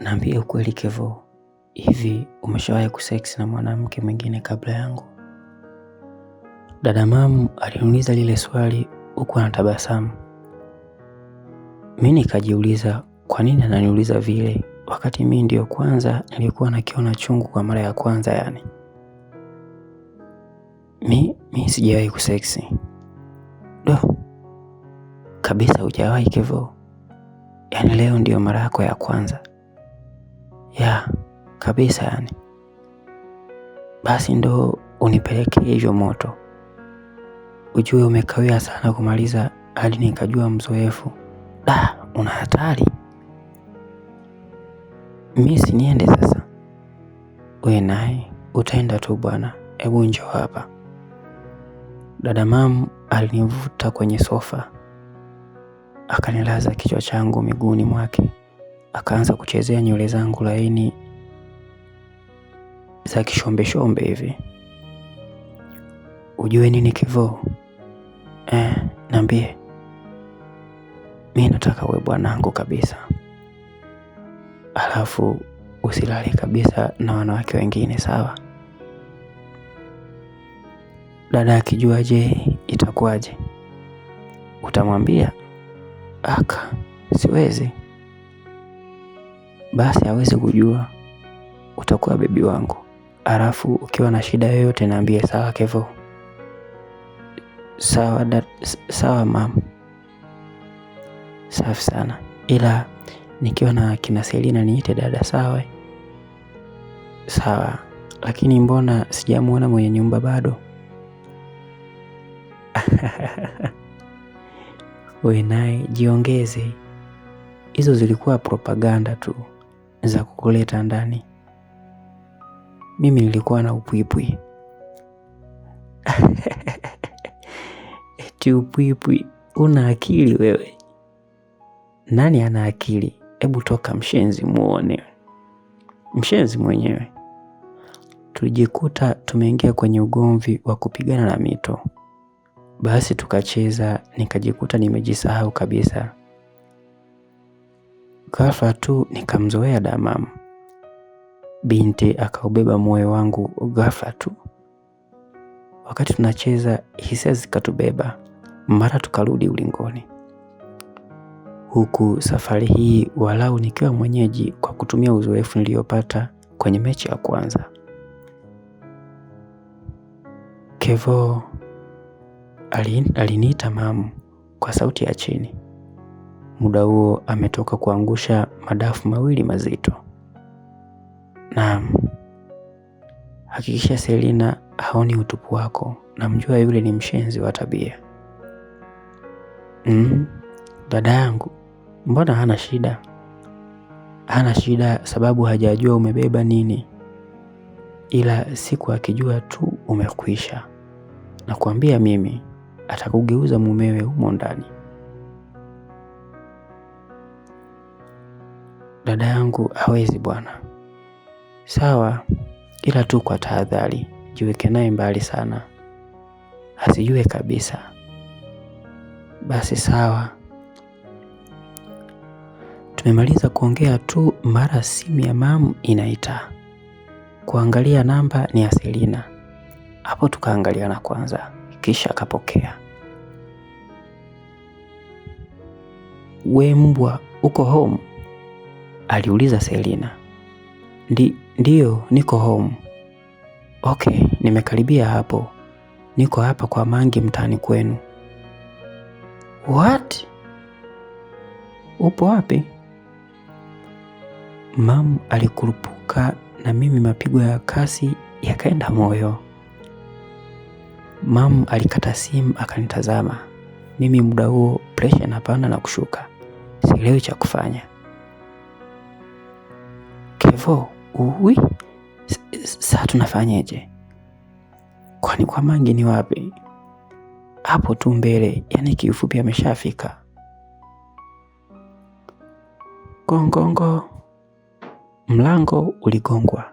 Naambia ukweli Kevo, hivi umeshawahi kusex na mwanamke mwingine kabla yangu? Dada Mamu aliniuliza lile swali huku anatabasamu. Mi nikajiuliza kwa nini ananiuliza vile wakati mi ndiyo kwanza nilikuwa nakiona chungu kwa mara ya kwanza. Yani mi, mi sijawahi kuseksi. Do, kabisa hujawahi Kevo? yani leo ndiyo mara yako ya kwanza? ya kabisa yani, basi ndo unipelekee hivyo moto. Ujue umekawia sana kumaliza hadi nikajua mzoefu. Da, una hatari. Mimi si niende sasa? We naye utaenda tu bwana, hebu njoo hapa. Dada Mamu alinivuta kwenye sofa akanilaza kichwa changu miguuni mwake akaanza kuchezea nywele zangu laini za kishombeshombe hivi. Ujue nini kivoo? Eh, nambie. Mi nataka uwe bwanangu kabisa, alafu usilale kabisa na wanawake wengine, sawa? Dada akijua je, itakuwaje? Utamwambia? Aka, siwezi basi hawezi kujua utakuwa bebi wangu. alafu ukiwa na shida yoyote niambie, sawa Kevo? Sawa dad, sawa mam. Safi sana, ila nikiwa na kina Selina niite dada, sawa? Sawa, lakini mbona sijamwona mwenye nyumba bado? We naye jiongeze, hizo zilikuwa propaganda tu za kukuleta ndani. Mimi nilikuwa na upwipwi eti upwipwi? Una akili wewe? Nani ana akili? Hebu toka mshenzi muone, mshenzi mwenyewe. Tulijikuta tumeingia kwenye ugomvi wa kupigana na mito, basi tukacheza, nikajikuta nimejisahau kabisa. Ghafla tu nikamzoea Damamu. Binti akaubeba moyo wangu ghafla tu. Wakati tunacheza hisia zikatubeba, mara tukarudi ulingoni, huku safari hii walau nikiwa mwenyeji kwa kutumia uzoefu niliyopata kwenye mechi ya kwanza. Kevo aliniita mamu kwa sauti ya chini, Muda huo ametoka kuangusha madafu mawili mazito. Naam, hakikisha Selina haoni utupu wako, namjua yule ni mshenzi wa tabia. Mm, dada yangu mbona hana shida? Hana shida sababu hajajua umebeba nini, ila siku akijua tu umekwisha. Nakwambia mimi atakugeuza mumewe humo ndani. Dada yangu hawezi bwana. Sawa, ila tu kwa tahadhari, jiweke naye mbali sana, asijue kabisa. Basi sawa. Tumemaliza kuongea tu, mara simu ya mamu inaita. Kuangalia namba ni ya Selina. Hapo tukaangaliana kwanza, kisha akapokea. We mbwa, uko home? aliuliza Selina. Ndi, ndiyo niko home. Okay, nimekaribia hapo. Niko hapa kwa Mangi mtaani kwenu. What? Upo wapi? Mam alikurupuka na mimi mapigo ya kasi yakaenda moyo. Mam alikata simu akanitazama. Mimi muda huo presha inapanda na kushuka, sielewi cha kufanya. Devo, uwi saa tunafanyeje? Kwani kwa mangi ni wapi? Hapo tu mbele, yaani kiufupi ameshafika. Gongongo, mlango uligongwa.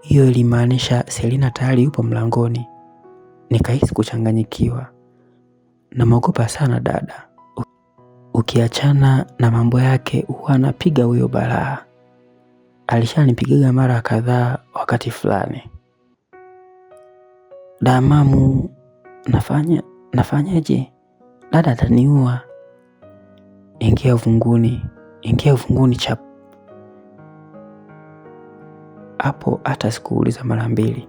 Hiyo ilimaanisha Selina tayari yupo mlangoni. Nikahisi kuchanganyikiwa. Namwogopa sana dada, ukiachana na mambo yake huwa anapiga huyo balaa alishanipigaga mara kadhaa wakati fulani. damamu nafanya nafanyaje? Dada ataniua. Ingia uvunguni, ingia uvunguni chap. Hapo hata sikuuliza mara mbili.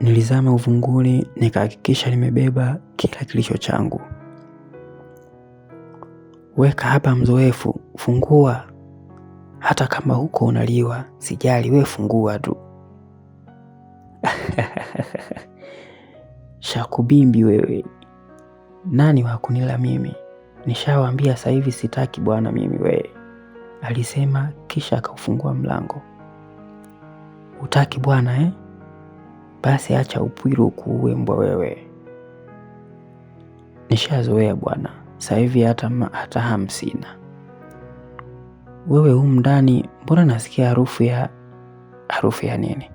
Nilizama uvunguni nikahakikisha nimebeba kila kilicho changu. Weka hapa mzoefu, fungua hata kama huko unaliwa, sijali, we fungua tu. Shakubimbi wewe, nani wa kunila mimi? Nishawaambia sasa hivi sitaki bwana mimi wewe, alisema kisha akaufungua mlango. Utaki bwana eh? Basi acha upwiru kuue mbwa wewe, nishazoea bwana, sasa hivi hata, hata hamsina wewe humu ndani mbona nasikia harufu ya harufu ya nini?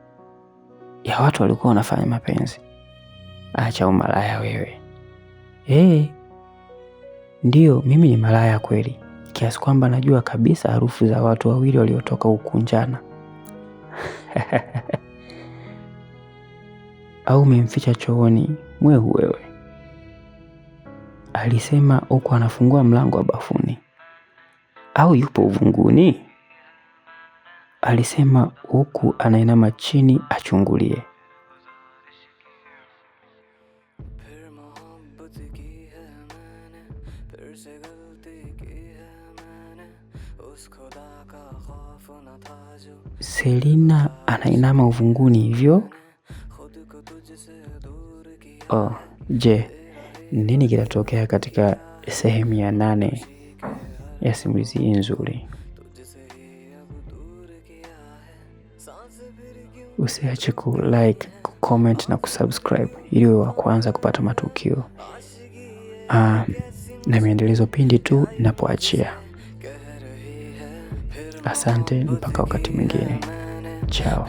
Ya watu walikuwa wanafanya mapenzi. Acha umalaya wewe. Hey, eh, ndiyo mimi ni malaya kweli kiasi kwamba najua kabisa harufu za watu wawili waliotoka ukunjana. Au umemficha chooni mwehu wewe, alisema huku anafungua mlango wa bafuni au yupo uvunguni? alisema huku anainama chini achungulie. Selina anainama uvunguni hivyo? Oh, je, nini kitatokea katika sehemu ya nane? ya simulizi hii nzuri. Usiache ku like, ku comment na kusubscribe ili wa kwanza kupata matukio uh, na miendelezo pindi tu ninapoachia. Asante, mpaka wakati mwingine, chao.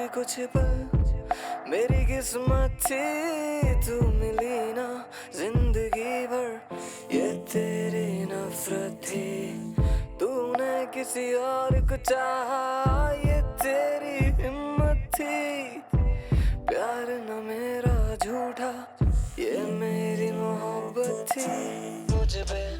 थे कुछ पल मेरी किस्मत थी तू मिली ना जिंदगी भर ये तेरी नफरत थी तूने किसी और को चाहा ये तेरी हिम्मत थी प्यार न मेरा झूठा ये मेरी मोहब्बत थी मुझे बे